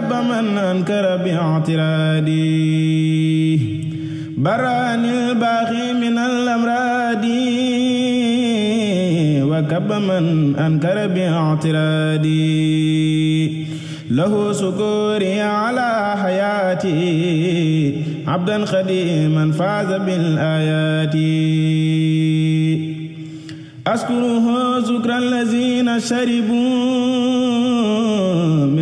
رب من أنكر باعترادي برأني الباغي من الأمراض وكب من أنكر باعترادي له سكوري على حياتي عبدا خديما فاز بالآيات أشكره شكر الذين شربوا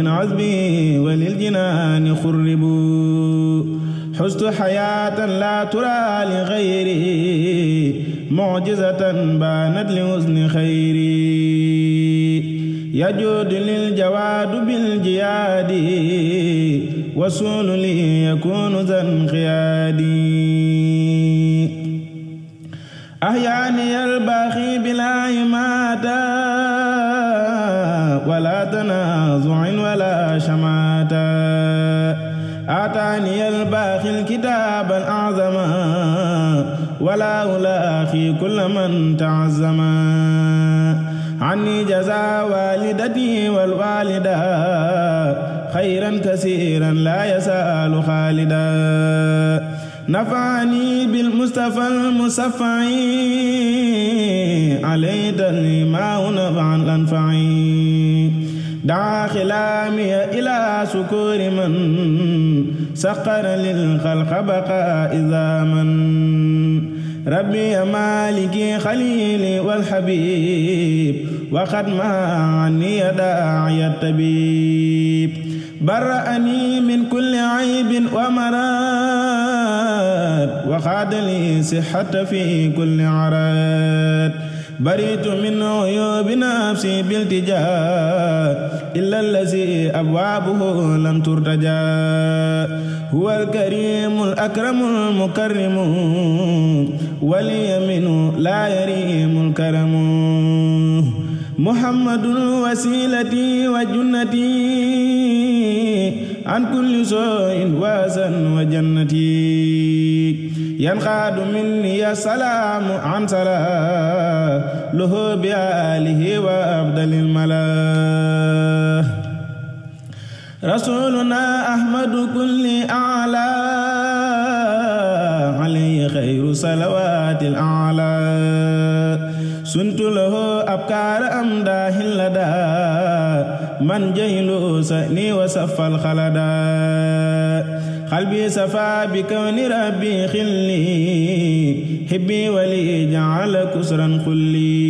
عذبي وللجنان خربوا حزت حياة لا ترى لغيري معجزة بانت لحسن خيري يجود للجواد بالجياد وصول لي يكون ذا انقيادي أحياني الباخي بلا إماتة ولا تنام شماتا أعطاني الباخي الكتاب الأعظم ولا أولى أخي كل من تعزم عني جزا والدتي والوالدة خيرا كثيرا لا يسأل خالدا نفعني بالمصطفى المصفع عليه دلي ما نفعا الأنفعين daa xilaamiya ilaa sukuuri man saqara lil xalqa baqa izaaman rabbi ya maaliki xaliili wal xabiib waxat ma anni ya daa'iya tabiib barra'anii min kulli aybin wa maraad wa xaadali sixata fi kulli araad baritu min uyubi nafsi biltija illa allazi abwaabuhu lam turtaja huwa alkarimu alakramu almukarrimu waliyaminu la yarimu alkaramu muhammadun wasilati wa junnati an kulli soo'in waasan wa jannati ينقاد مني السلام عن سرى له بآله وأفضل الملا رسولنا أحمد كل أعلى عليه خير صلوات الأعلى سنت له أبكار أمداه لدى من جهل سأني وسف الخلدا xalbi safa bi kawni rabbi xilli xibbi wali jaala kusran xulli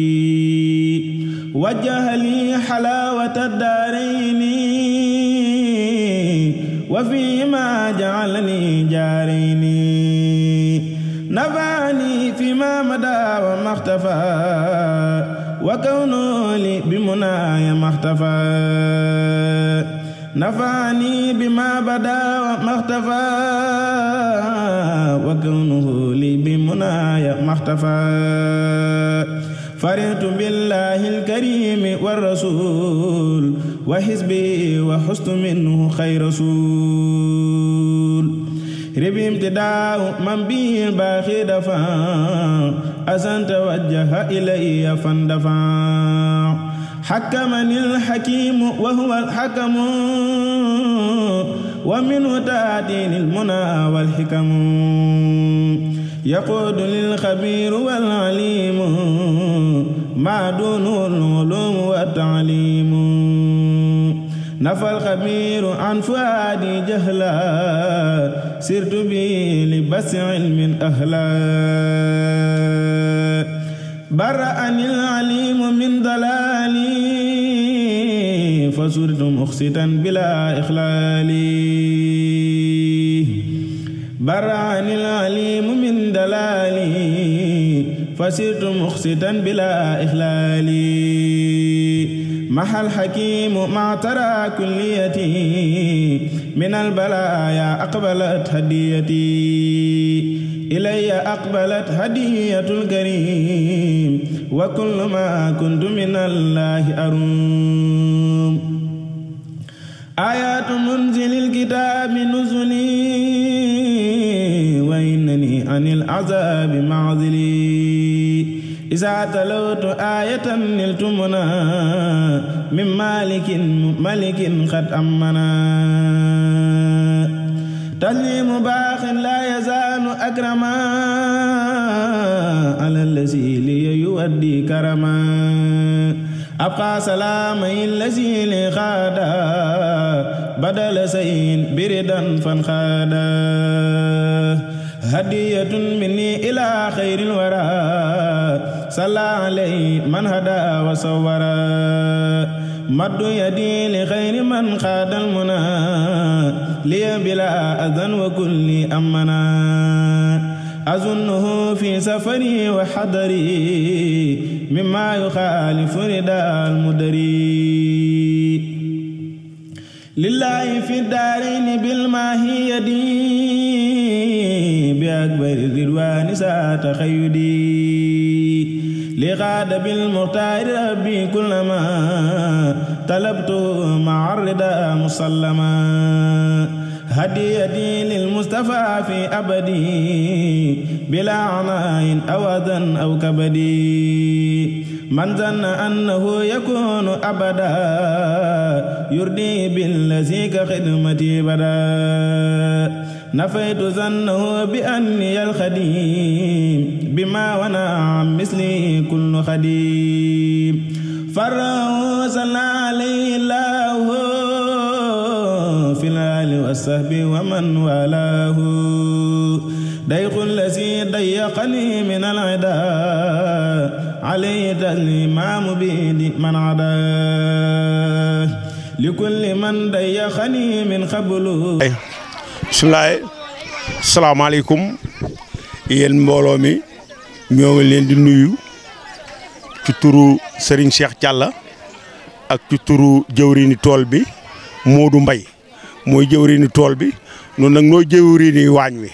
wajjahali xalaawata daarayni wa fi ma jaalani jaarayni nafaani fi ma madaa wa maxtafa wa kawnu li bi munaaya maxtafa nafaani bi ma badaa wa maxtafaa wa kawnuhu li bi munaaya maxtafaa faritu billaahi alkarimi wa rasuul wa xisbi wa xustu minhu xay rasuul ribim ti daaw man bi baaxi dafa asan tawajjaha ilayya fan dafa xakamani alxakimu wa huwa alxakamu wa minhu taatiini almunaa walxikamu yaquudu lilxabiiru walalimu maa duunuhu aluluumu wattaalimu nafa alxabiiru an fuaadi jahla sirtu bi li basi ilmin ahla bara'ani alalimu min dalaali وسرتم أخستا بلا إخلال براني العليم من دلالي فسرتم أخستا بلا إخلال محى الحكيم مع ترى كليتي من البلايا أقبلت هديتي إلي أقبلت هدية الكريم وكل ما كنت من الله أروم ayatu munzilil kitaabi nuzuli wa innani anil azabi maazili isaa talawtu ayatan niltu muna min malikin malikin xat amana taslimu baaxin laa yazaalu akrama ala lasi li yuwaddi karama أبقى سلامي الذي لغدا بدل سيء بردا فانخدا هدية مني إلى خير الورى صلى عليه من هدى وصورا مد يدي لخير من خاد المنى لي بلا أذن وكل أمنا أظنه في سفري وحضري مما يخالف رداء المدري لله في الدارين بالماهية بأكبر الرضوان ساعة خيدي لغاد بالمختار ربي كلما طلبت مع الرداء مسلما هديتي للمصطفى في أبدي بلا عناء أو أذى أو كبدي من ظن أنه يكون أبدا يردي بالذي كخدمتي بدا نفيت ظنه بأني الخديم بما ونعم مثلي كل خديم فروس الله والسهب ومن والاه ديق الذي ضيقني من العدا عليه تسليما مبيد من عداه لكل من ضيقني من قبله بسم الله السلام عليكم yéen mbooloo mi ñoo ngi leen di nuyu ci turu Serigne Cheikh Dialla ak ci turu jëwriñu tool bi Modou Mbaye mooy jëwriñu tool bi noonu nag nooy jëwriñu waañ wi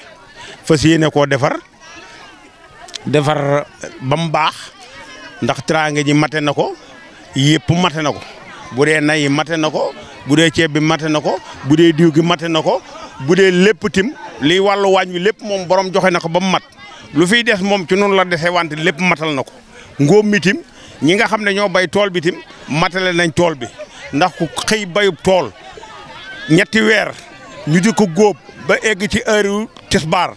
fas yéene koo defar defar ba mu baax ndax teraanga ji mate na ko yëpp mate na ko bu dee nay mate na ko bu dee ceeb bi mate na ko bu dee diw gi mate na ko bu dee lépp tim li wàllu waañ wi lépp moom borom joxe na ko ba mu mat lu fiy des moom ci noonu la dese wante lépp matal na ko ngóob mi tim ñi nga xam ne ñoo bay tool bi tim matale nañ tool bi ndax ku xëy bayu tool ñetti weer ñu di góob ba egg ci heure yu tisbaar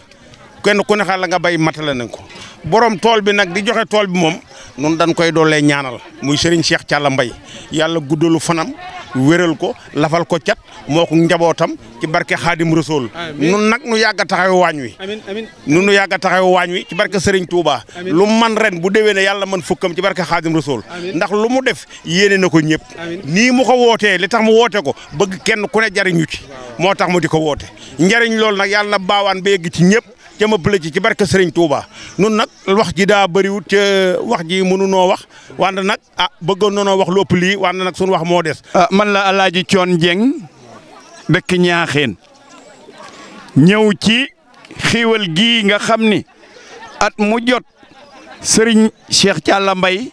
kenn ku ne xaar la nga bay matale nañ ko borom tool bi nag di joxe tool bi moom nun dañ koy doolee ñaanal muy Serigne Cheikh Thialla Mbaye yàlla guddalu fanam wéral ko lafal ko cat moo ko njabootam ci barke xaadim rasool nun nag nu yàgg a waañ wi nun nu yàgg a taxaw waañ wi ci barke Serigne tuuba lu man ren bu déwee ne yàlla man fukkam ci barke xaadim rasool ndax lu mu def yéene na ko ñëpp nii mu ko wootee li tax mu woote ko bëgg kenn ku ne jariñu ci moo tax mu di ko woote njariñ lool nag yàlla na baawaan ba yegg ci ñëpp ca ma bële ci ci barke Serigne Touba nun nag wax ji daa bëriwut ca wax ji mënunoo wax wante nag a ah, bëggoon na wax lopp lii wante nag suñu wax moo des. Ah, man la El Hadj Thion Dieng dëkk Ñaaxeen ñëw ci xiiwal gii nga xam ni at mu jot Serigne Cheikh Thialla mbay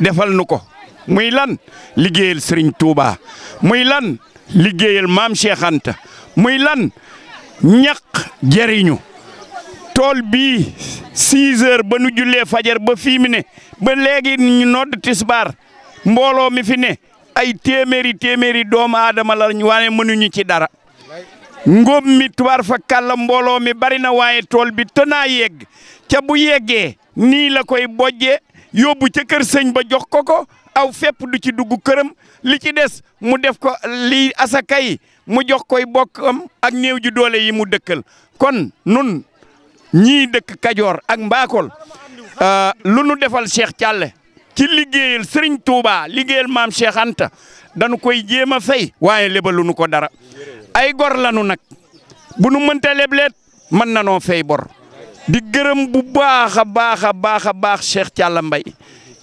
defal nu ko muy lan liggéeyal sëriñ Touba muy lan liggéeyal maam Cheikh Anta muy lan ñaq jëriñu. tool bii 6 heures ba nu jullee fajar ba fii mi ne ba léegi ñu nodd tisbaar mbooloo mi fi ne ay téeméeri téeméeri doomu aadama ñu waaye mënuñu ci dara ngóob mi tubaar fa kàlla mbooloo mi bari na waaye tool bi tënaa yegg ca bu yeggee nii la koy bojjee yóbbu ca kër sëñ ba jox ko ko aw fépp du ci dugg këram li ci des mu def ko lii asaka yi mu jox koy bokkam ak néew ju doole yi mu dëkkal kon nun ñii dëkk Kajoor ak Mbaakol euh, lu nu defal Cheikh Thialé ci liggéeyal Serigne Touba liggéeyal maam Cheikh Anta dañu koy jéem a fay waaye lebalu nu ko dara ay gor lanu nag bu nu mënta lebleet mën na noo fay bor di gërëm bu baax a baax a baax a baax Cheikh Thialé Mbaye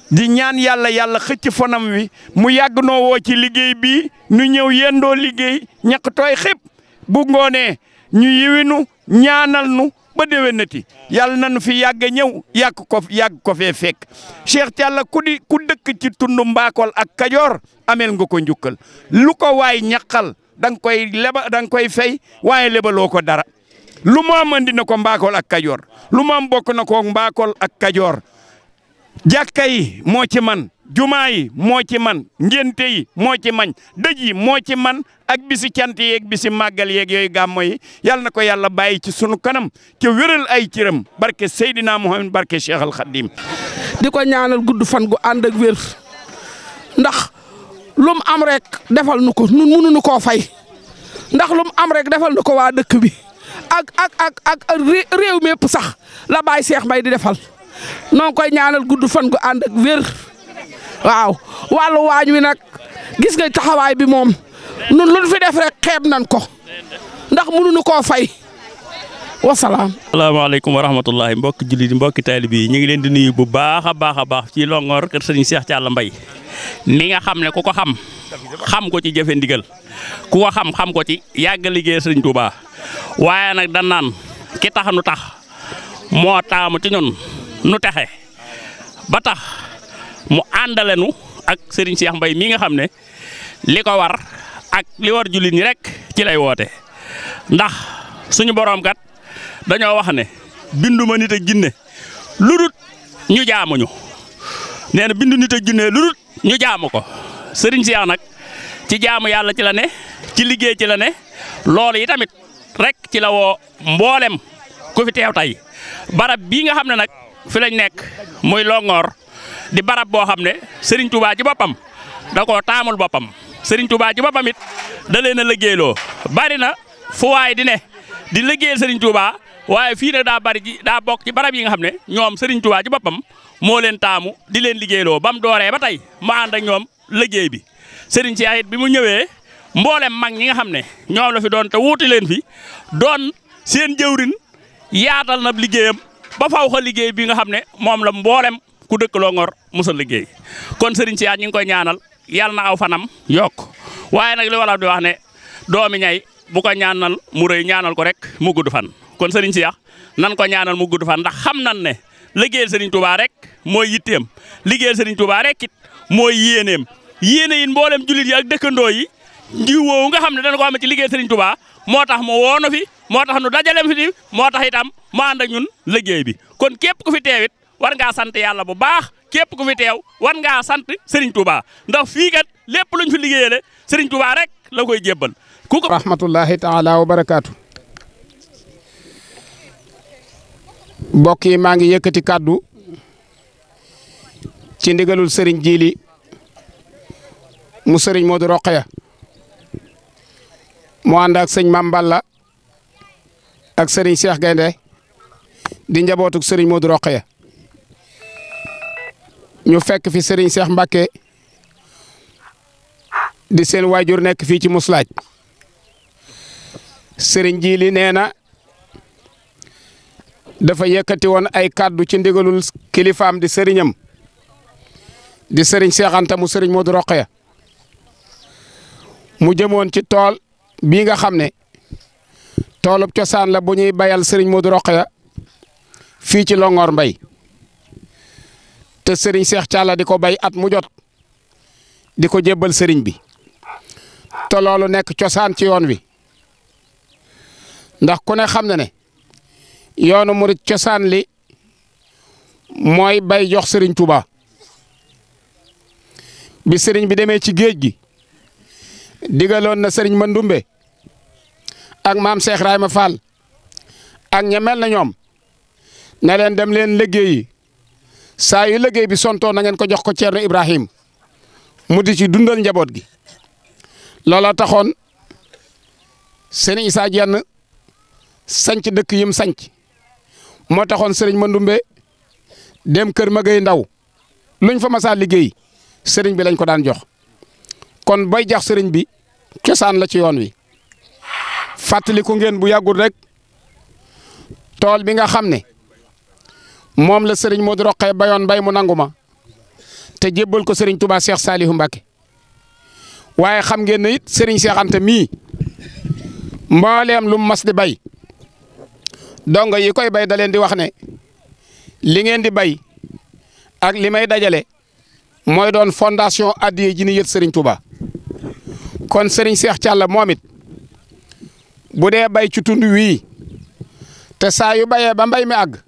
di ñaan yàlla yàlla xëcc fanam wi mu yàgg noo woo ci liggéey bi nu ñëw yendoo liggéey ñaq tooy xëpp bu ngoonee ñu yiwinu ñaanal nu ba déwénati yàlla nañu fi yàgg ñëw yàgg ko yàgg ko fee fekk Cheikh Thialla ku di ku dëkk ci tund Mbakol ak Kajoor ameel nga ko njukkal lu ko waay ñaqal da koy leba da koy fay waaye lebaloo ko dara lu mu am na ko Mbakol ak Kajoor lu mu am bokk na ko Mbakol ak Kajoor jàkka yi moo ci man jumaa yi moo ci man ngénte yi moo ci mañ dëj yi moo ci man ak bisi cant yeeg bisi màggal yeeg yooyu gàmmo yi yàlla na ko yàlla bàyyi ci sunu kanam ca wéral ay cëram barke Seydina Muhammad barke Cheikh Al Khadim di ko ñaanal gudd fan gu ànd ak wér ndax lu am rek defal nu ko nun mënuñu koo fay ndax lu am rek defal nu ko waa dëkk bi ak ak ak ak réew mépp sax la Baye Cheikh Mbaye di defal noo koy ñaanal gudd fan gu ànd wér waaw wàllu waañ wi nag gis nga taxawaay bi moom nun lu fi def rek xeeb nan ko ndax mënuñu koo fay wasalaam. salaamaaleykum wa rahmatullahi mbokki jullit mbokki taalibe yi ñu ngi leen di nuyu bu baaxa a baax a baax ci Longhor kër sëriñ Cheikh Thialla Mbaye mi nga xam ne ku ko xam xam ko ci jëfe ndigal ku ko xam xam ko ci yàgg liggéey sëriñ Touba waaye nag dan naan ki tax nu tax moo taamu ci ñun nu texe ba tax. mu àndalenu ak sëriñ Cheikh mbay mii nga xam ne li ko war ak li war jullit ñi rek ci lay woote ndax suñu boroom kat dañoo wax ne binduma nit ak jinne lu dul ñu jaamuñu nee na bindu nit ak jinne lu dul ñu jaamu ko sëriñ Cheikh nag ci jaamu yàlla ci la ne ci liggéey ci la ne loolu yi tamit rek ci la woo mboolem ku fi teew tey barab bii nga xam ne nag fi lañ nekk muy Longhor di barab boo xam ne Serigne Touba ci boppam da koo taamul boppam sëriñ Touba ci boppam it da leen a liggéeyloo bari na fu waay di ne di liggéeyal Serigne Touba waaye fii ne daa bari ji daa bokk ci barab yi nga xam ne ñoom Serigne Touba ci boppam moo leen taamu di leen liggéeyloo ba mu dooree ba tey mu ànd ñoom liggéey bi sëriñ Cheikh it bi mu ñëwee mboolem mag ñi nga xam ne ñoom la fi doon te wuuti leen fi doon seen jëwrin yaatal na liggéeyam ba faw xa liggéey bi nga xam ne moom la mboolem ku dëkk loo ngor mos a liggéey kon sëriñ si yaat ñu ngi koy ñaanal yal na aw fanam yok waaye nag li wala di wax ne doomi ñay bu ko ñaanal mu rëy ñaanal ko rek mu gudd fan kon sëriñ si yax nan ko ñaanal mu gudd fan ndax xam nan ne liggéeyal sëriñ Touba rek moo yitteem liggéeyal sëriñ Touba rek it mooy yéeneem yéene yi mboolem jullit yi ak dëkkandoo yi njiw woowu nga xam ne dana ko amee ci liggéeyal sëriñ Touba moo tax mu woono fi moo tax nu dajalem fi moo tax itam mu ànd bi war ngaa sant yàlla bu baax képp ku fi teew war ngaa sant Serigne Touba ndax fii kat lépp luñ fi liggéeyale Serigne Touba rek la koy jébbal. ku ko rahmatullahi taala wa barakaatu. mbokk yi maa ngi yëkkati kàddu ci ndigalul Serigne Djili mu Serigne Modou Rokhaya mu ànd ak sëñ Mame Balla ak Serigne Cheikh Gaynde di njabootug Serigne Modou Rokhaya ñu fekk fi Serigne seex mbake di seen waajur nekk fii ci Muslaaj Serigne Jili nee na dafa yëkkati woon ay kàddu ci ndigalul kilifaam di sëriñam di sëriñ Cheikh Anta mu Serigne Modou ya mu jëmoon ci tool bii nga xam ne toolub cosaan la bu ñuy bayal Serigne Modou Rokhaya fii ci Longhor Mbay te sëriñ Seex Caala di ko bay at mu jot di ko jébbal sëriñ bi te loolu nekk cosaan ci yoon wi ndax ku ne xam na ne yoonu murit cosaan li mooy bay jox sëriñ Tuubaa bi sëriñ bi demee ci géej gi digaloon na sëriñ Mandumbe ak maam Cheikh ma Fall ak ña mel na ñoom na leen dem leen liggéeyi saa yu liggéey bi sontoo na ngeen ko jox ko Thierno Ibrahim mu di ci dundal njaboot gi looloo taxoon Serigne Issa Diène sañc dëkk yim sañc moo taxoon Serigne Mandoumbe dem kër Magay Ndaw luñ fa masaa liggéey Serigne bi lañ ko daan jox kon bay jax Serigne bi cosaan la ci yoon wi fàttaliku ngeen bu yàggul rek tool bi nga xam ne. moom la sëriñ Modou Rokhaya bayoon bay mu nangu ma te jébbal ko sëriñ Touba Cheikh Salihu Mbacke waaye xam ngeen ne it sëriñ Cheikh Anta mii mbooleem lum mas di bay dongo yi koy bay da leen di wax ne li ngeen di bay ak li may dajale mooy doon fondation addiye ji ni yët sëriñ Touba kon sëriñ Cheikh Thialla moom it bu dee bay ci tund wii te saa yu bayee ba mbay mi àgg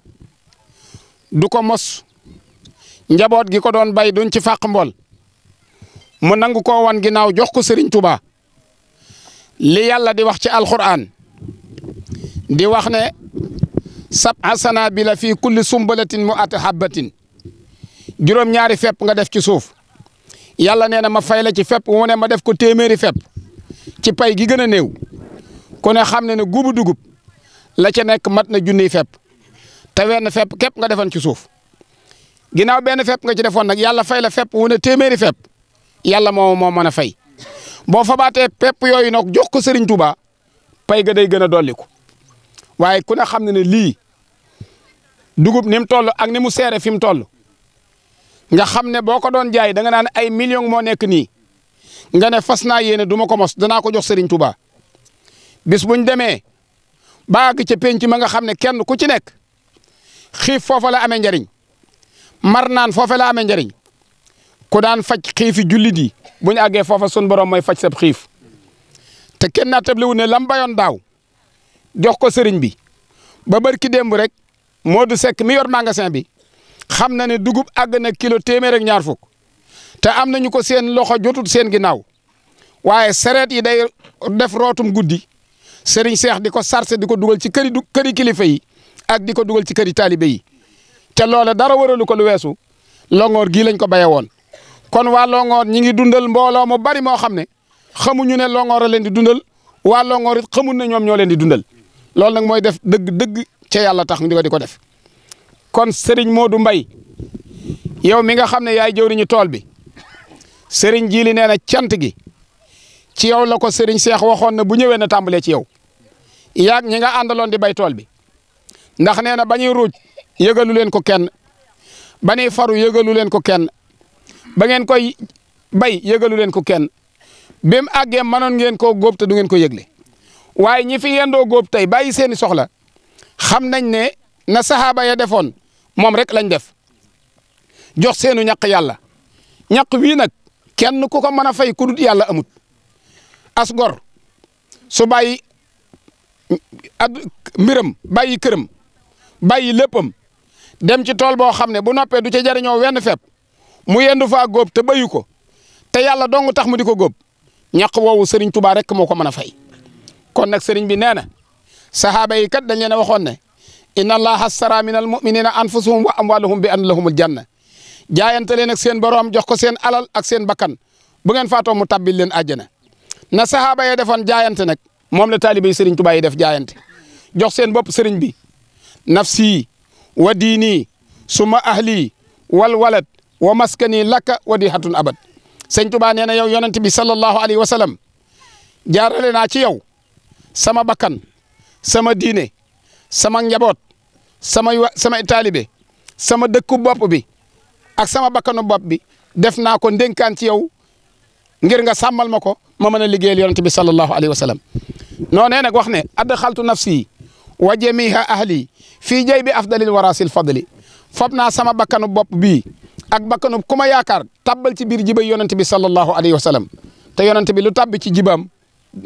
du ko mos njaboot gi ko doon bay duñ ci fàq mbool mu nangu ko wan ginnaaw jox ko Serigne Touba li yàlla di wax ci alxuraan di wax ne sab'a sanaabila fii kulli sumbalatin mu at habbatin juróom-ñaari fepp nga def ci suuf yàlla nee na ma fay la ci fepp mu ne ma def ko téeméeri fepp ci pay gi gën a néew ku ne xam ne ne guubu dugub la ca nekk mat na junniy fepp te wenn fepp képp nga defoon ci suuf ginnaaw benn fepp nga ci defoon nag yàlla fay la fepp wu ne téeméeri fepp yàlla moo moo mën a fay boo fabaatee pepp yooyu nag jox ko Serigne Touba pay ga day gën a dolliku waaye ku ne xam ne ne lii dugub ni mu ak ni mu seere fi mu toll nga xam ne boo ko doon jaay danga nga naan ay million moo nekk nii nga ne fas naa yéene duma ko mos danaa ko jox sëriñ Touba bis buñ demee baag ca penc ma nga xam ne kenn ku ci nekk xiif foofa la amee njariñ mar naan foofa la amee njariñ ku daan faj xiifi jullit yi bu ñu àggee foofa sun borom mooy faj sab xiif te kenn naa table wu ne lam bayoon daaw jox ko sëriñ bi ba barki démb rek moo du sekk mi yor magasin bi xam na ne dugub àgg na kilo téeméer ak ñaar fukk te am nañu ko seen loxo jotul seen ginnaaw waaye sareet yi day def rootum guddi sëriñ seex di ko sarse di ko dugal ci këri këri kilifa yi ak di ko dugal ci këri taalibe yi te loola dara waralu ko lu weesu longoor gii lañ ko béye woon kon waa longoor ñi ngi dundal mbooloo mu bari moo xam ne xamuñu ne longoora leen di dundal waa longoor it xamul ne ñoom ñoo leen di dundal loolu nag mooy def dëgg dëgg ca yàlla tax ñu di ko def kon moo du mbay yow mi nga xam ne yaay jëwriñu tool bi Serigne Jili nee na cant gi ci yow la ko Serigne Cheikh waxoon na bu ñëwee na tàmbalee ci yow yaag ñi nga àndaloon di bay tool bi ndax nee na ba ñuy ruuj yëgalu leen ko kenn ba ñuy faru yëgalu leen ko kenn ba ngeen koy bay yëgalu leen ko kenn bi mu àggee mënoon ngeen koo góob te du ngeen ko yëgle waaye ñi fi yendoo góob tey bàyyi seeni soxla xam nañ ne na saxaaba ya defoon moom rek lañ def jox seenu ñaq yàlla ñaq wii nag kenn ku ko mën a fay ku dut yàlla amut as gor su bàyyi mm, ad mbiram bàyyi këram bàyyi léppam dem ci tool boo xam ne bu noppee du ca jariñoo wenn fepp mu yendu faa góob te bayu ko te yàlla dong tax mu di ko góob ñaq woowu Serigne Touba rek moo ko mën a fay kon nag Serigne bi nee na sahaaba yi kat dañ leen waxoon ne inna allaha astara min almuminina anfusahum wa amwaluhum bi an lahumul janna jaayante leen ak seen boroom jox ko seen alal ak seen bakkan bu ngeen faatoo mu tabbil leen àjjana na sahaaba ya defoon jaayante nag moom la taalibe yi Serigne Touba def jaayante jox seen bopp Serigne bi nafsi wa diini suma ahli wal walad wa maskani lakka wa di hatun abad sëñ Tuba nee na yow yonent bi sallallahu alayhi wa sallam jaarale naa ci yow sama bakkan sama diine sama njaboot sama sama taalibe sama dëkku bopp bi ak sama bakkanu bopp bi def naa ko denkaan ci yow ngir nga sàmmal ma ko ma mën a liggéeyal yonent bi sallallahu alayhi wa sallam noo nee nag adda xaltu nafsi wa jamiha ahli fii jay bi afdalil warasil fadli fob naa sama bakkanu bopp bi ak bakkanu ku ma yaakaar tabbal ci biir jibay yonent bi sallallahu alayhi wa sallam te yonent bi lu tabb ci jibam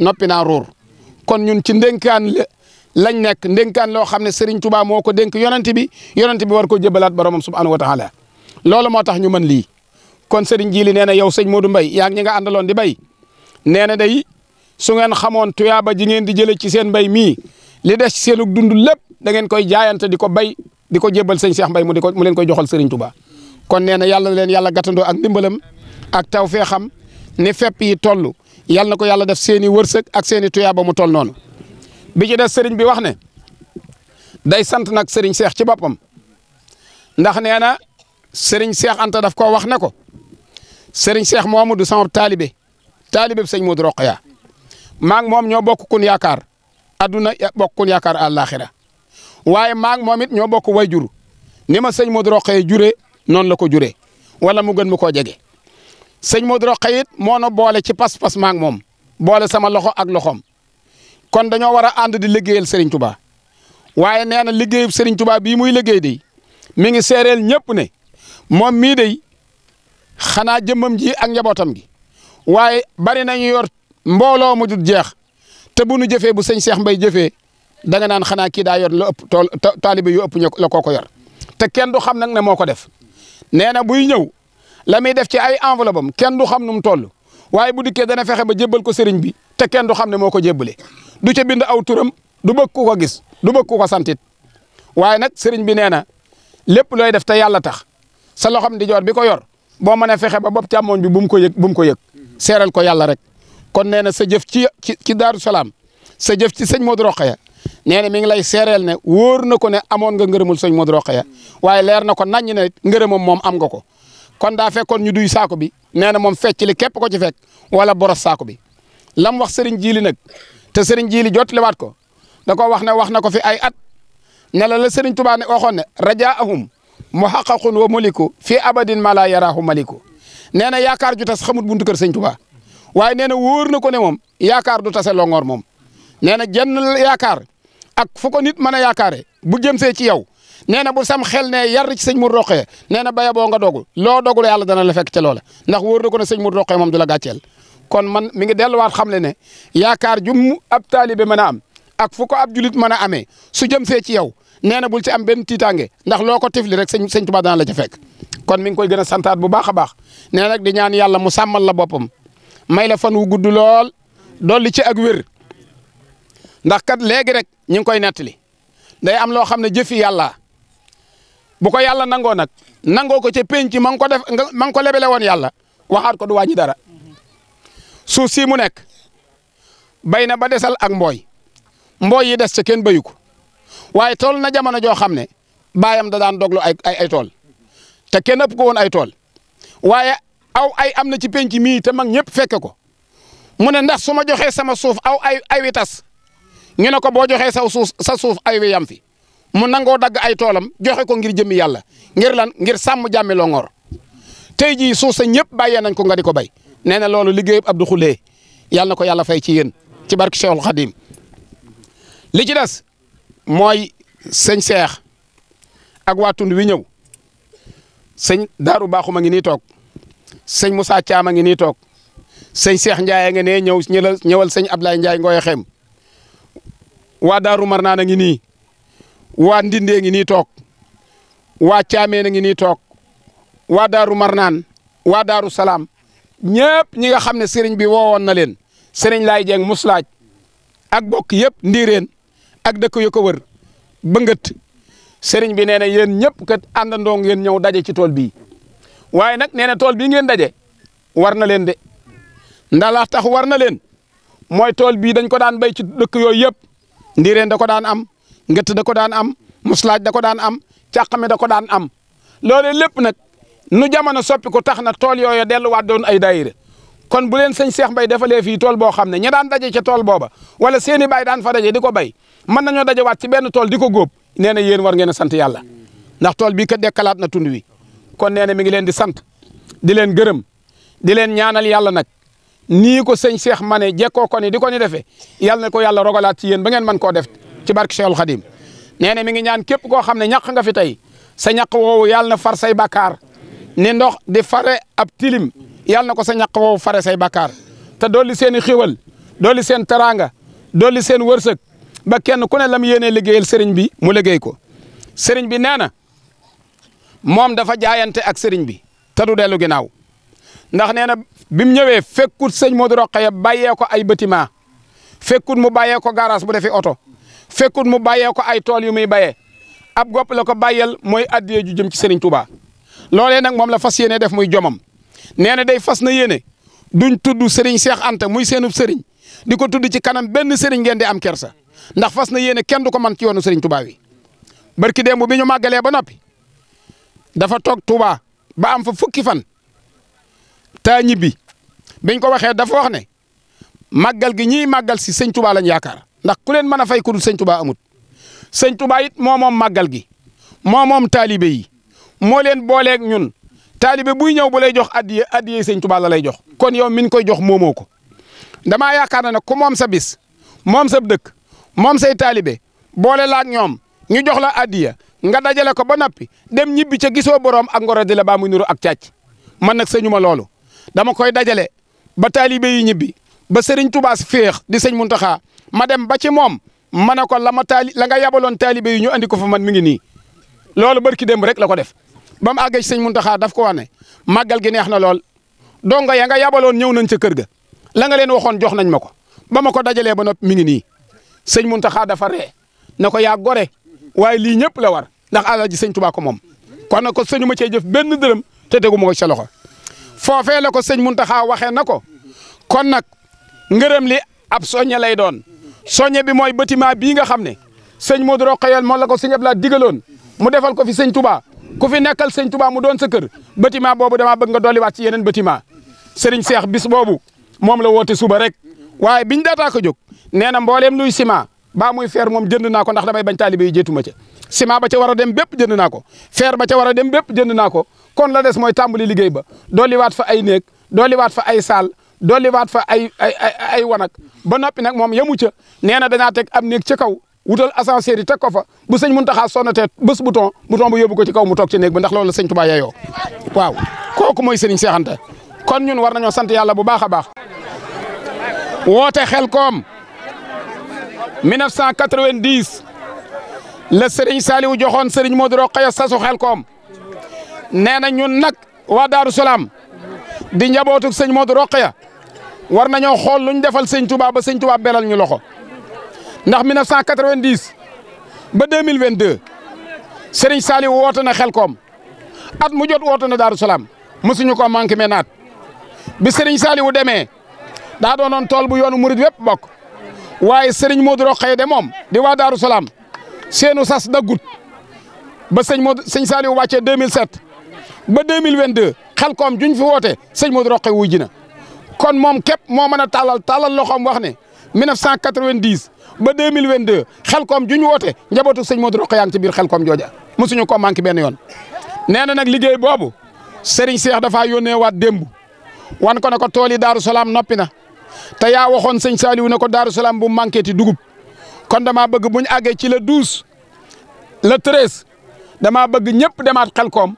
noppi naa ruur kon ñun ci ndénkaan lañ nekk ndénkaan loo xam ne Serigne Touba moo ko dénk yonent bi yonent bi war ko jëbalaat boromam subhanahu wa taala loolu moo tax ñu mën lii kon Serigne Jili nee na yow sëñ Modou Mbaye yaa ngi ñi nga àndaloon di bay nee na day su ngeen xamoon tuyaaba ji ngeen di jëlee ci seen mbay mii li des seenug dund lépp dangeen koy jaayante di ko bay di ko jébbal sëñ Cheikh mbay mu di ko mu leen koy joxal Serigne Touba kon nee na yàlla leen yàlla gàttandoo ak ndimbalam ak taw fee xam ni fepp yi toll yàlla na ko yàlla def seeni i ak seeni i tuyaa ba mu toll noonu bi ci des bi wax ne day sant nag Serigne Cheikh ci boppam ndax nee na Serigne Cheikh Anta daf koo wax ne ko Serigne Cheikh moomu du sama taalibe taalibe bi sëñ Modou Rokhaya maa ngi moom ñoo bokk kun yaakaar. adduna bokkul yaakaar àllaaxira waaye maa moom it ñoo bokk way jur ni ma sëñ Modou Rokhaya jure noonu la ko juree wala mu gën mu koo jege sëñ Modou Rokhaya it moo na boole ci pas-pas maa ngi moom boole sama loxo ak loxoom kon dañoo war a ànd di liggéeyal Serigne Touba waaye nee na liggéeyu Serigne Touba bii muy liggéey de mi ngi seereel ñëpp ne moom mii de xanaa jëmmam ji ak njabootam gi waaye bari ñu yor mbooloo mu dul jeex. te bu nu jëfee bu sëñ Cheikh mbay jëfee da naan xanaa kii daa yor la ëpp tool taalibe yu ëpp ñu la koo ko yor te kenn du xam nag ne moo ko def nee na buy ñëw la muy def ci ay enveloppe am kenn du xam nu mu toll waaye bu dikkee dana fexe ba jébbal ko sëriñ bi te kenn du xam ne moo ko jébbale du ca bind aw turam du bëgg ku ko gis du bëgg ku ko santit waaye nag sëriñ bi nee na lépp looy def te yàlla tax sa loxom di joor bi ko yor boo mën fexe ba bopp càmmoñ bi bu mu ko yëg bu ko yëg seeral ko yàlla rek kon nee na sa ci ci ci Daaru Salaam sa ci sëñ Modou Rokhaya nee na mi ngi lay seereel ne wóor na ko ne amoon nga ngërëmul sëñ Modou Rokhaya waaye leer na ko naññ ne ngërëmam moom am nga ko kon daa fekkoon ñu duy saako bi nee na moom fecc li képp ko ci fek wala boros saako bi lam wax sëriñ jiili nag te sëriñ jiili jottaliwaat ko da ko wax ne wax na ko fi ay at ne la la sëriñ Tuubaa ne waxoon ne rajaahum muhaqqaqun wa muliku fii abadin ma la yaraahu maliku nee na yaakaar ju tas xamut buntu kër sëñ Tuubaa waaye nee na wóor na ko ne moom yaakaar du tase longoor moom nee na jenn yaakaar ak fu nit mën a yaakaare bu jëm see ci yow nee na bu sam xel ne yar ci sëñ mu roqee nee na baya boo nga dogu loo dogul yàlla dana la fekk ca loola ndax wóor ko ne sëñ mu roqee moom du la gàcceel kon man mi ngi delluwaat xam le ne yaakaar jum ab taalibe mën a am ak fu ko ab julit mën a amee su jëm see ci yow nee na bul ci am benn tiitaange ndax loo ko tifli rek sëñ sëñ Tuubaa dana la ca fekk kon mi ngi koy gën a santaat bu baax a baax nee nag di ñaan yàlla mu sàmmal la boppam may la fan wu gudd lool dolli ci ak wér ndax kat léegi rek ñu ngi koy nettali day am loo xam ne jëfi yàlla bu ko yàlla nangoo nag nangoo ko ca penc ma nga ko def ma nga ko lebele woon yàlla waxaat ko du wàññi dara suuf sii mu nekk bay na ba desal ak mbooy mbooy yi des ca kenn bayu ko waaye tool na jamono joo xam ne baayam da daan doglu ay ay tool te kenn ëpp ko woon ay tool waaye aw ay am na ci penc mii te mag ñëpp fekke ko mu ne ndax su ma joxee sama suuf aw ay ay wi tas ne ko boo joxee sa suuf sa suuf ay wi yam fi mu nangoo dagg ay toolam joxe ko ngir jëmi yàlla ngir lan ngir sàmm jàmmi Longoor tey jii suuf sa ñëpp bàyyee nañ ko nga di ko bay nee na loolu liggéeyub Abdou Khoulé yàlla ko yàlla fay ci yéen ci barke Cheikhul Khadim li ci des mooy sëñ Cheikh ak waa tund wi ñëw sëñ Daaru Baaxuma ngi nii toog. sëñ Moussa Thiam a ngi nii toog sëñ Cheikh Ndiaye a ngi ne ñëw ñëwal ñëwal sëñ Ablaye Ndiaye ngooy xem waa Daaru Marnaan a ngi nii waa ndinde ngi nii toog waa Thiameen a ngi nii toog waa Daaru Marnaan waa Daaru Salaam ñëpp ñi nga xam ne sëriñ bi woowoon na leen sëriñ Laay Jeng muslaaj ak bokk yëpp ndiireen ak dëkk yu ko wër bëngët sëriñ bi nee na yéen ñëpp kat àndandoo ngeen ñëw daje ci tool bii waaye nag nee na tool bii ngeen daje war na leen de ndax la tax war na leen mooy tool bii dañ ko daan béy ci dëkk yooyu yëpp ndiireen da ko daan am ngëtt da ko daan am muslaaj da ko daan am càqame da ko daan am loo loole lépp nag nu jamono soppi ko tax na tool yooyu delluwaat doon ay daayira kon bu leen sëñ Cheikh Mbaye defalee fii tool boo xam ne ña daan daje ca tool booba wala seeni baay daan fa daje di ko bay mën nañoo dajewaat ci benn tool di ko góob nee na yéen war ngeen a sant yàlla ndax tool bii kat dekkalaat na tund wi kon nee na mi ngi leen di sant di leen gërëm di leen ñaanal yàlla nag nii ko sëñ Cheikh ma ne jekkoo ko ni di ko ni defee yàlla na ko yàlla rogalaat ci yéen ba ngeen man koo def ci barke Cheikhul Khadim nee na mi ngi ñaan képp koo xam ne ñàq nga fi tey sa ñàq woowu yàlla na far say bakkaar ni ndox di fare ab tilim yàlla ko sa ñàq woowu fare say bakkaar te dolli seen i xiwal dolli seen teraanga dolli seen wërsëg ba kenn ku ne la mu yéenee liggéeyal sëriñ bi mu liggéey ko sëriñ bi nee na moom dafa jaayante ak sëriñ bi te du dellu ginnaaw ndax nee na bi mu ñëwee fekkut sëñ Modou Rokhaya bàyyee ko ay bâtiment fekkut mu bàyyee ko garage bu defi oto fekkut mu bàyyee ko ay tool yu muy bayee ab gopp la ko bàyyeel mooy addiyee ju jëm ci sëriñ Touba loolee nag moom la fas yéene def muy jomam nee na day fas na yéene duñ tudd sëriñ Seex Anta muy seenub sëriñ di ko tudd ci kanam benn sëriñ ngeen di am kersa ndax fas na yéene kenn du ko man ci yoonu sëriñ Touba wi barki démb bi ñu màggalee ba noppi dafa toog Touba ba am fa fukki fan taa ñibbi biñ ko waxee dafa wax ne màggal gi ñiy màggal si sëñ Touba lañ yaakaar ndax ku leen mën a fay ku dul sëñ Touba amut sëñ tubaa it moo moom màggal gi moo moom taalibe yi moo leen booleeg ñun taalibe buy ñëw bu lay jox addiye addiye sëñ Touba la lay jox kon yow mi ngi koy jox moomoo ko damaa yaakaar na ne ku moom sa bis moom sa dëkk moom sey taalibe boole laak ñoom ñu jox la addiya nga dajale ko ba noppi dem ñibbi ca gisoo boroom ak ngoro di la baa muy nuru ak càcc man nag sëñu ma loolu dama koy dajale ba taalibe yi ñibbi ba sëriñ Tuubaa feex di sëñ muntaxaa ma dem ba ci moom ma ne ko la ma taali la nga yabaloon taalibe yi ñu andi ko fa man mi ngi nii loolu barki dem rek la ko def ba mu àggee sëñ Muntaxa daf ko wane ne màggal gi neex na lool donga ya nga yabaloon ñëw nañ ca kër ga la nga leen waxoon jox nañ ma ko ba ma ko dajalee ba noppi mi ngi nii sëñ Muntaxa dafa na ko yaa gore waaye lii ñëpp la war ndax alal ji sëñ Tuubaa ko moom kon nag ko sëñu ma cee jëf benn dërëm te tegu ma ko ca loxo foofee la ko sëñ Muntaxa waxee na ko kon nag ngërëm li ab soññe lay doon soññe bi mooy bâtiment bii nga xam ne sëñ moo Modou Rokhayal moo la ko sëñ Abdoulaye digaloon mu defal ko fi sëñ Tuubaa ku fi nekkal sëñ Tuubaa mu doon sa kër bâtiment boobu damaa bëgg nga dolliwaat ci yeneen bâtiment sëriñ Seex bis boobu moom la woote suba rek waaye biñ daataa ko nee na mbooleem luy ciment baa muy fer moom jënd naa ko ndax damay bañ taalibe yi jéetuma ca ciment ba ca war a dem bépp jënd naa ko fer ba ca war a dem bépp jënd naa ko kon la des mooy tàmbali liggéey ba waat fa ay néeg dolliwaat fa ay saal dolliwaat fa ay ay ay wanag ba noppi nag moom yamu ca nee na danaa teg am néeg ci kaw wutal ascenseur yi teg ko fa bu sëñ Muntaxa sonnatee bés bouton bouton bu yóbbu ko ci kaw mu toog ci néeg ba ndax loolu la sëñ Tuubaa yeyoo waaw mooy sëriñ Seex Anta kon ñun war nañoo sant yàlla bu baax a baax woote xel 1990 la Serigne Saliou joxoon Serigne Modou Rokhaya sasu Xelkom nee na ñun nag waa Daaru Salaam di njabootuk sëñ Modou Rokhaya war nañoo xool luñ defal sëñ tubaab ba sëñ Touba belal ñu loxo ndax 1990 ba 2022 Serigne Saliou woote na Xelkom at mu jot woote na Daaru Salaam mësuñu ko manqué me naat bi Serigne Saliou demee daa doonoon tool bu yoonu murit wépp bokk. waaye Serigne Modou Rokhaya de moom di waa Daaru Salaam seenu sas daggut ba sëñ Modou sëñ Saliou wàccee 2007 ba xel Xelkom juñ fi woote sëñ Modou Rokhaya wuy ji na kon moom képp moo mën a tàllal tàllal loxoom wax ne 1990 ba xel koom juñ woote njabootu sëñ Modou Rokhaya ngi ci biir Xelkom jooja mosuñu ko manqué benn yoon nee na nag liggéey boobu seriñ Cheikh dafaa yónnee waat démb wan ko ne ko tool yi Daaru Salaam noppi na te yaa waxoon sëñ Saliou ne ko Daaru Salaam bu manqué ti dugub kon damaa bëgg bu ñu àggee ci le douze la treize damaa bëgg ñëpp demaat Xelkom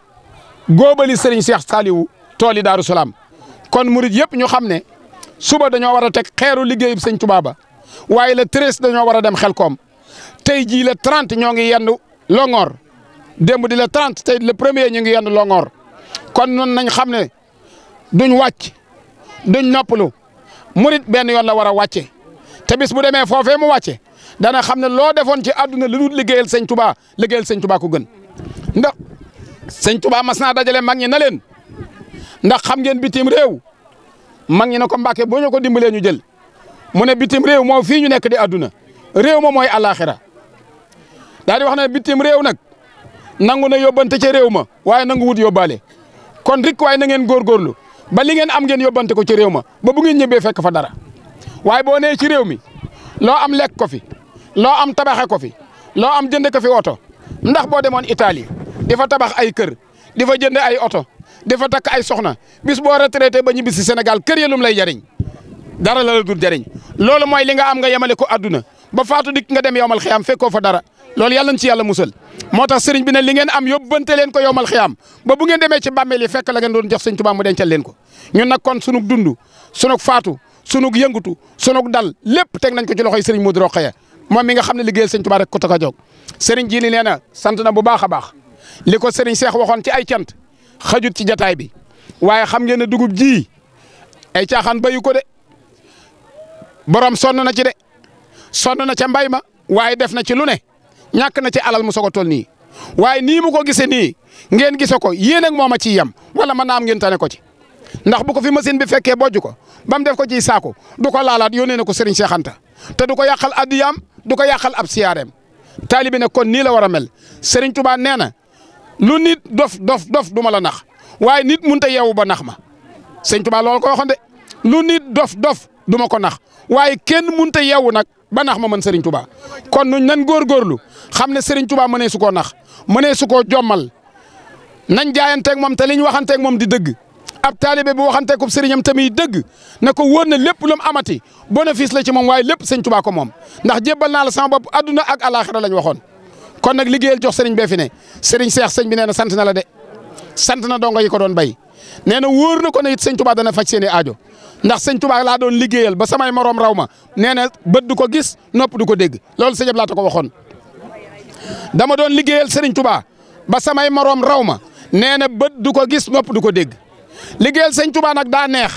góobali sëriñ Cheikh Saliou tooli Daaru Salaam kon murit yëpp ñu xam ne suba dañoo war a teg xeeru liggéey sëñ Tuubaa ba waaye la treize dañoo war a dem koom tey jii le trente ñoo ngi yendu Longhor démb di le trente tey le premier ñu ngi yendu Longhor kon noonu nañ xam ne duñ wàcc duñ noppalu. murit benn yoon la war a wàcce te bis bu demee foofee mu wàcce dana xam ne loo defoon ci àdduna lu dul liggéeyal sëñ tubaa liggéeyal sëñ Tuubaa ko gën ndax sëñ Tuubaa mas naa dajale mag ñi na leen ndax xam ngeen bitim réew mag ñi ne ko mbake boo ñu ko dimbalee ñu jël mu ne bitim réew moo fii ñu nekk di àdduna réew ma mooy àllaaxira daal di wax ne bitim réew nag nangu na yóbbante ci réew ma waaye nangu wut yóbbaale kon rik waaye na ngeen góorlu ba li ngeen am ngeen yóbbante ko ci réew ma ba bu ngeen ñëbbee fekk fa dara waaye boo nee ci réew mi loo am lekk ko fi loo am tabaxe ko fi loo am jënd ko fi oto ndax boo demoon Italie di fa tabax ay kër di fa jënd ay oto di takk ay soxna bis boo retraité ba ñibbi si Sénégal kër ya lum lay jariñ dara la la dul jariñ loolu mooy li nga am nga yemale ko àdduna ba faatu dikk nga dem yowmal am fekkoo fa dara loolu yàlla na ci yàlla musal moo tax sëriñ bi ne li ngeen am yóbbante leen ko yowmal xiyaam ba bu ngeen demee ci bàmmeel yi fekk la ngeen doon jox sëñ Tuubaa mu dencal leen ko ñun nag kon sunug dund sunug faatu sunug yëngutu sunug dal lépp teg nañ ko ci loxo loxoy sëriñ Modou Rokhaya moom mi nga xam ne liggéeyal sëñ Tuubaa rek ko tax a jóg sëriñ ji li nee na sant na bu baax a baax li ko sëriñ Seex waxoon ci ay cant xajut ci jataay bi waaye xam ngeen ne dugub ji ay caaxaan bayu ko de borom sonn na ci de na ca mbay ma waaye def na ci lu ne ñàkk na ci alal mu soog a nii waaye nii mu ko gisee nii ngeen gise ko yéen ak moom a ciy yem wala mën naa am ngeen tane ko ci. ndax bu ko fi machine bi fekkee bojj ko ba mu def ko ci saako du ko laalaat yónnee na ko Serigne Cheikh te du ko yàqal addiyaam du ko yàqal ab siyaareem taalibi nag kon nii la war a mel Serigne Touba nee na lu nit dof dof dof du ma la nax waaye nit mënut a yeewu ba nax ma Serigne Touba loolu ko waxoon de lu nit dof dof duma ko nax waaye kenn mënut a yeewu nag. ba nax ma man Serigne Touba kon nuñ nan góorgóorlu xam ne Serigne Touba mënee su koo nax mënee su koo jommal nañ jaayanteeg moom te li ñu waxanteeg moom di dëgg ab taalibe bu waxanteeg ko sëriñam tamit dëgg na ko wóor na lépp lu mu amati bénéfice la ci moom waaye lépp Serigne Touba ko moom ndax jébbal naa la sama bopp adduna ak alaxira lañ waxoon kon nag liggéeyal jox Serigne bee fi ne Serigne Cheikh sëñ bi nee na sant na la de sant na dongo yi ko doon bay nee na wóor na ko ne it Serigne dana faj seen i ndax sëñ Tuubaa laa doon liggéeyal ba samay moroom raw ma nee na bët du ko gis nopp du ko dégg loolu sëñ Ablaye ko waxoon. dama doon liggéeyal sëriñ Tuubaa ba samay moroom raw ma nee na bët du ko gis nopp du ko dégg liggéeyal sëñ Tuubaa nag daa neex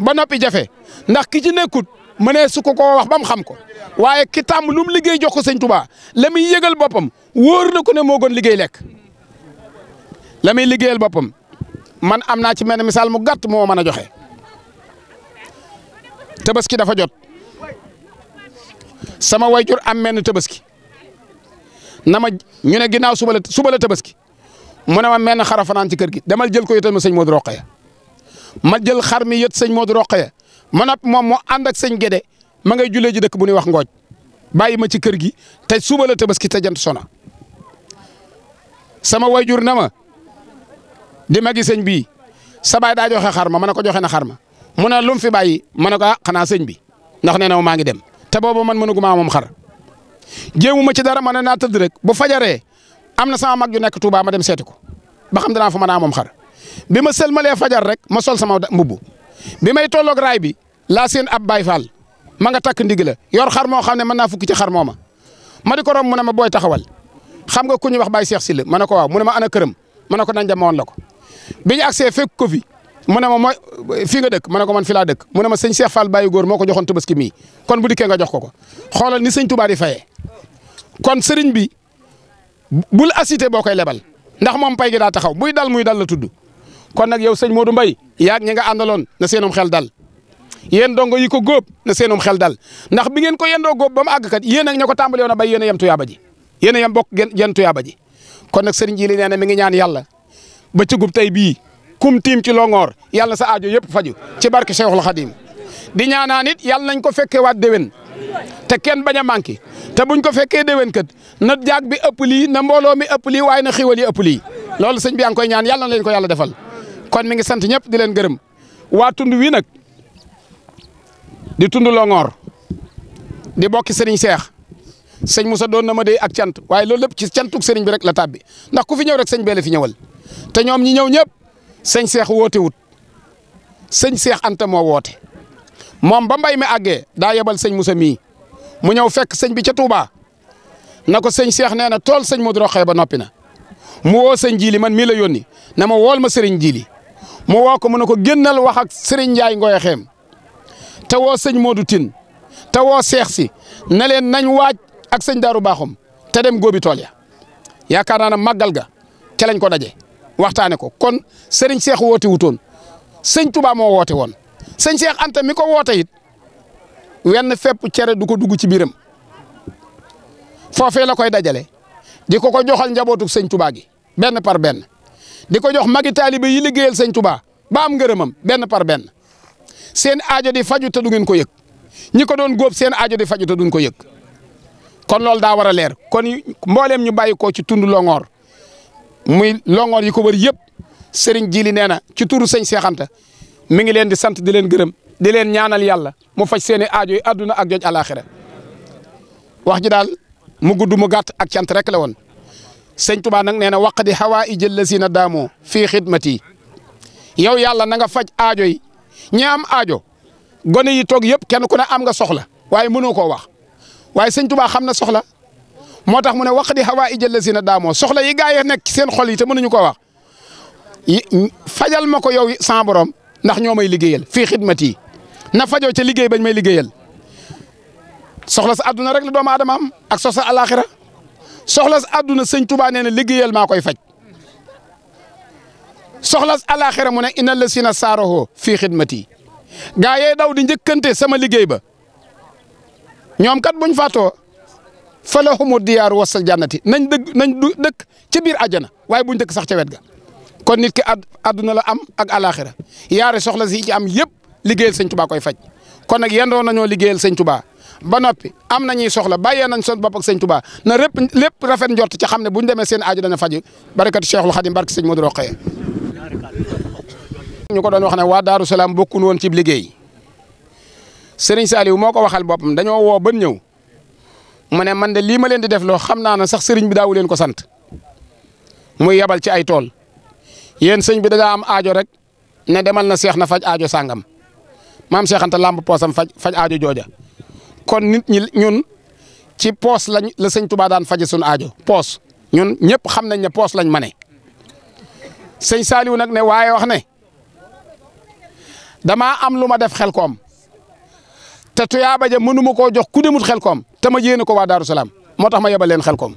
ba noppi jafe ndax ki ci nekkut mënee su ko koo wax ba mu xam ko waaye ki tàmm lu liggéey jox ko sëñ Tuubaa la muy yëgal boppam wóor na ko ne moo gën liggéey lekk la muy liggéeyal boppam man am naa ci mel ne misaal mu gàtt moo mën a joxe. tabaski dafa jot sama wayjur am menn tabaski na ma ñu ne ginnaaw suba la suba la tabaski mu ne ma menn xara fanaan ci kër gi demal jël ko yëtal ma sëñ Modou Rokhaya ma jël xar mi yët sëñ Modou Rokhaya ma nopp moom moo ànd ak sëñ Gédé ma ngay jullee ji dëkk bu ñuy wax ngooj bàyyi ma ci kër gi te suba la tabaski te jant sona sama wayjur na ma di magi sëñ bii sabaay daa joxe xar ma ma ko joxe na xar ma mu ne lu mu fi bàyyi ma ne ko ah xanaa sëñ bi ndax nee na maa ngi dem te boobu man mënu gu maa moom xar jéemu ma ci dara ma ne naa tëdd rek bu fajaree am na sama mag ju nekk Touba ma dem seeti ko baa xam danaa fa mën a moom xar bi ma lee fajar rek ma sol sama mbubb bi may tolloog raay bi laa seen ab Baay Faal ma nga takk ndig yor xar moo xam ne mën naa fukki ci xar moo ma ma di ko romb mu ne ma booy taxawal xam nga ku ñuy wax Baye Cheikh Sylla ma ne ko waaw mu ne ma ana këram ma ne ko nañ dem la ko bi ñu agsee fekk ko fi mu ne ma mooy fii nga dëkk ma ne ko man fi laa dëkk mu ne ma sëñ Cheikh Fall Baye góor moo ko joxoon tabaski mii kon bu dikkee nga jox ko ko xoolal ni sëñ Touba di fayee kon sëriñ bi bul assité boo koy lebal ndax moom pay gi daa taxaw buy dal muy dal la tudd kon nag yow sëñ Modou Mbaye yaag ñi nga àndaloon na seenum xel dal yéen dongo yi ko góob na seenum xel dal ndax bi ngeen ko yendoo góob ba mu àgg yéen ak ña ko tàmbali woon bay yéen a yem tuyaaba ji yéen a yem bokk yéen tuyaaba ji kon nag sëriñ ji li nee na ñaan yàlla ba gub tey bii kum tiim ci Longhor yàlla sa aajo yëpp faju ci barke Cheikhul Khadim di ñaanaa nit yàlla nañ ko fekkee waat déwén te kenn bañ a manqué te buñ ko fekkee déwén kat na jaag bi ëpp lii na mbooloo mi ëpp lii waaye na xiwal yi ëpp lii loolu sëñ bi yaa koy ñaan yàlla na leen ko yàlla defal kon mi ngi sant ñëpp di leen gërëm waa tund wii nag di tund Longhor di bokki sëriñ Cheikh sëñ Moussa doon na ma dey ak cant waaye loolu lépp ci cantuk sëriñ bi rek la tàbbi ndax ku fi ñëw rek sëñ la fi ñëwal te ñoom ñi ñëw ñëpp sëñ Cheikh woote wut sëñ Cheikh Anta moo woote moom ba mbay mi àggee daa yebal sëñ Moussa mii mu ñëw fekk sëñ bi ca Touba na ko sëñ Cheikh nee na tool sëñ Modou Rokhaya ba noppi na mu woo sëñ Jili man mii la yónni na ma wool ma sëriñ Jili mu woo ko mu na ko génnal wax ak sëriñ Ndiaye Ngoye Xeem te woo sëñ Modou tin te woo seex si na leen nañ waaj ak sëñ Darou Bakhoum te dem góobi tool ya yaakaar naa ne màggal ga ca lañ ko daje. waxtaane ko kon sëriñ Cheikh woote wutoon sëñ Touba moo woote woon sëñ Cheikh Anta mi ko woote it wenn fépp cere du ko dugg ci biiram foofee la koy dajale di ko ko joxal njabootug sëñ tubaa gi benn par benn di ko jox magi taalibe yi liggéeyal sëñ Touba ba am ngërëmam benn par benn seen aajo di faju te du ngeen ko yëg ñi ko doon góob seen aajo di faju te duñ ko yëg kon loolu daa war a leer kon mbooleem ñu bàyyi koo ci tund Longoor muy longoor yi ko wër yëpp sëriñ Jili nee na ci turu sëñ Seex Anta ngi leen di sant di leen gërëm di leen ñaanal yàlla mu faj seene aajo yi àdduna ak joj alaxira wax ji daal mu gudd mu gàtt ak cant rek la woon sëñ Tuubaa nang nee na waq di xawaa i jël la si na daamoo fii xidmati yow yàlla na nga faj aajo yi ñaam aajo gone yi toog yëpp kenn ku ne am nga soxla waaye mënoo koo wax waaye sëñ Tuubaa xam na soxla moo tax mu ne wax di xawaa ijal la si na daamoo soxla yi gaa yi nekk ci seen xol yi te mënuñu ko wax fajal ma ko yow sans ndax ñoo may liggéeyal fii xidmat yi na fajoo ca liggéey bañ may liggéeyal soxla sa àdduna rek la doomu aadama am ak soxla sa alaxira soxla sa àdduna sëñ Tuubaa nee na liggéeyal maa koy faj soxla sa alaxira mu ne ina la si na saaroo fii xidmat yi gaa yee daw di njëkkante sama liggéey ba ñoom kat buñ fàttoo fa lahumu diyaaru wasal jannati nañ dëgg nañ du dëkk ci biir àjjana waaye buñ dëkk sax ca wet kon nit ki àdduna la am ak alaxira yaari soxla si ci am yëpp liggéey sëñ Tuubaa koy faj kon nag yendoo nañoo liggéeyal sëñ Tuubaa ba noppi am nañuy soxla bàyyee nañ seen bopp ak sëñ Tuubaa na répp lépp rafet njort ci xam ne buñ demee seen aajo dana faju barakatu Cheikhul Khadim barke sëñ Modou Rokhaya ñu ko doon wax ne waa Daaru Salaam bokkuñu woon ci liggéey Serigne Saliou moo ko waxal boppam dañoo woo ban ñëw mu ne man de lii ma leen di def loo xam naa ne sax sëriñ bi daawu leen ko sant muy yebal ci ay tool yéen sëñ bi da am aajo rek ne demal na seex na faj aajo sàngam maam seexanta làmb poosam faj faj aajo jooja kon nit ñi ñun ci poos lañ la sëñ tubaa daan faje suñu aajo poos ñun ñëpp xam nañ ne poos lañ ma ne sëñ Saaliw nag ne waaye wax ne damaa am lu ma def xel koom te tuyaaba ja mënu ma koo jox ku demut xel koom te ma yéene ko waa Daaru Salaam moo tax ma yebal leen xel koom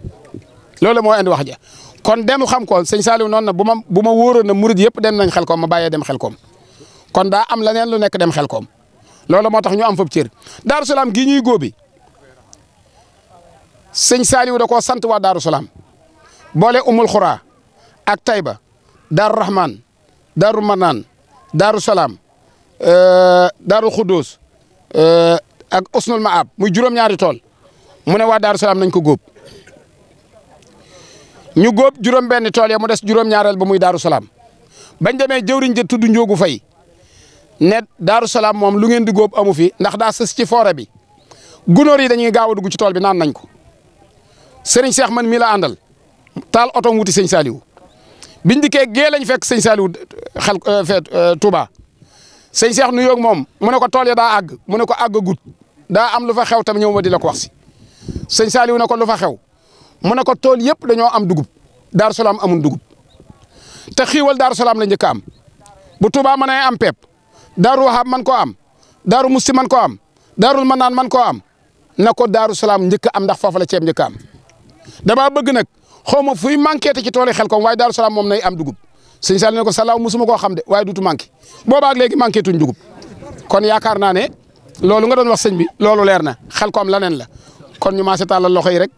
loolu moo indi wax ja kon demu xam ko sëñ Saliou noonu na bu ma bu ma wóoroon na murid yëpp dem nañ xel koom ma bàyyee dem xel koom kon daa am leneen lu nekk dem xel koom loolu moo tax ñu am fab cër Daaru Salaam gii ñuy góobi sëñ Saliou da koo sant waa Daaru Salaam boole Umul Xuraa ak Tayba Daaru Rahman Daaru Manaan Daaru Salaam euh, Daaru Euh, ak Usnul Maab muy juróom-ñaari tool mu ne waa Daaru Salaam nañ ko góob ñu góob juróom-benn tool ya mu des juróom-ñaareel ba muy Daaru Salaam bañ demee jëwriñ ja tudd Njóogu Fay ne Daaru moom lu ngeen di góob amu fi ndax daa sës ci forêt bi gunóor yi dañuy gaaw a dugg ci tool bi naan nañ ko sëriñ Cheikh man mii la àndal taal oto wuti sëñ Saliou biñ dikkee gee lañ fekk sëñ Saliou xel euh, fee euh, Touba sëñ Cheikh nuyoo ak moom mu ne ko tool ya daa àgg mu ne ko àgg gut daa am lu fa xew tam ñëw ma di la ko wax si sëñ Saliou ne ko lu fa xew mu ne ko tool yëpp dañoo am dugub Darou Salaam amul dugub te xiiwal Darou Salaam la njëkk am bu Touba mën ay am pepp Darou Wahab man koo am Darou Musti man koo am Darou Manaan man koo am na ko Darou Salaam njëkk am ndax foofu la ceeb njëkk am damaa bëgg nag xaw ma fuy manqué te ci tool yi xel ko waaye Darou Salaam moom nay am dugub. sëñ Saliou ko salaaw mosuma koo xam de waaye duutu manqué boobaak léegi manqué tuñ dugub kon yaakaar naa ne loolu nga doon wax sëñ bi loolu leer na xel ko am leneen la kon ñu maase tàllal loxo yi rek.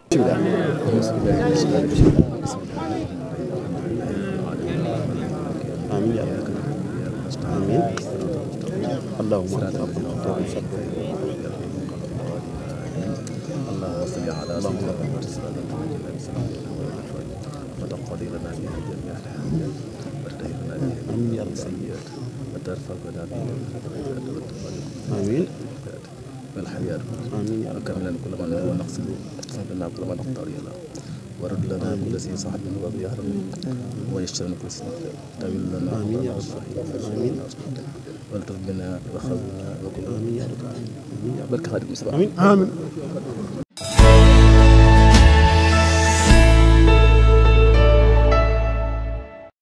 السيئات وترفعنا بنا الدرجات والتقال آمين والحياة آمين وكم لنا كل من هو نقص لنا كل من اختار يا الله ورد لنا كل ذي صاحب وبيهر ويشتر كل سنة تابل لنا آمين يا رب آمين والتف بنا وخلنا وكل آمين يا رب آمين بركة هذه المسابقة آمين آمين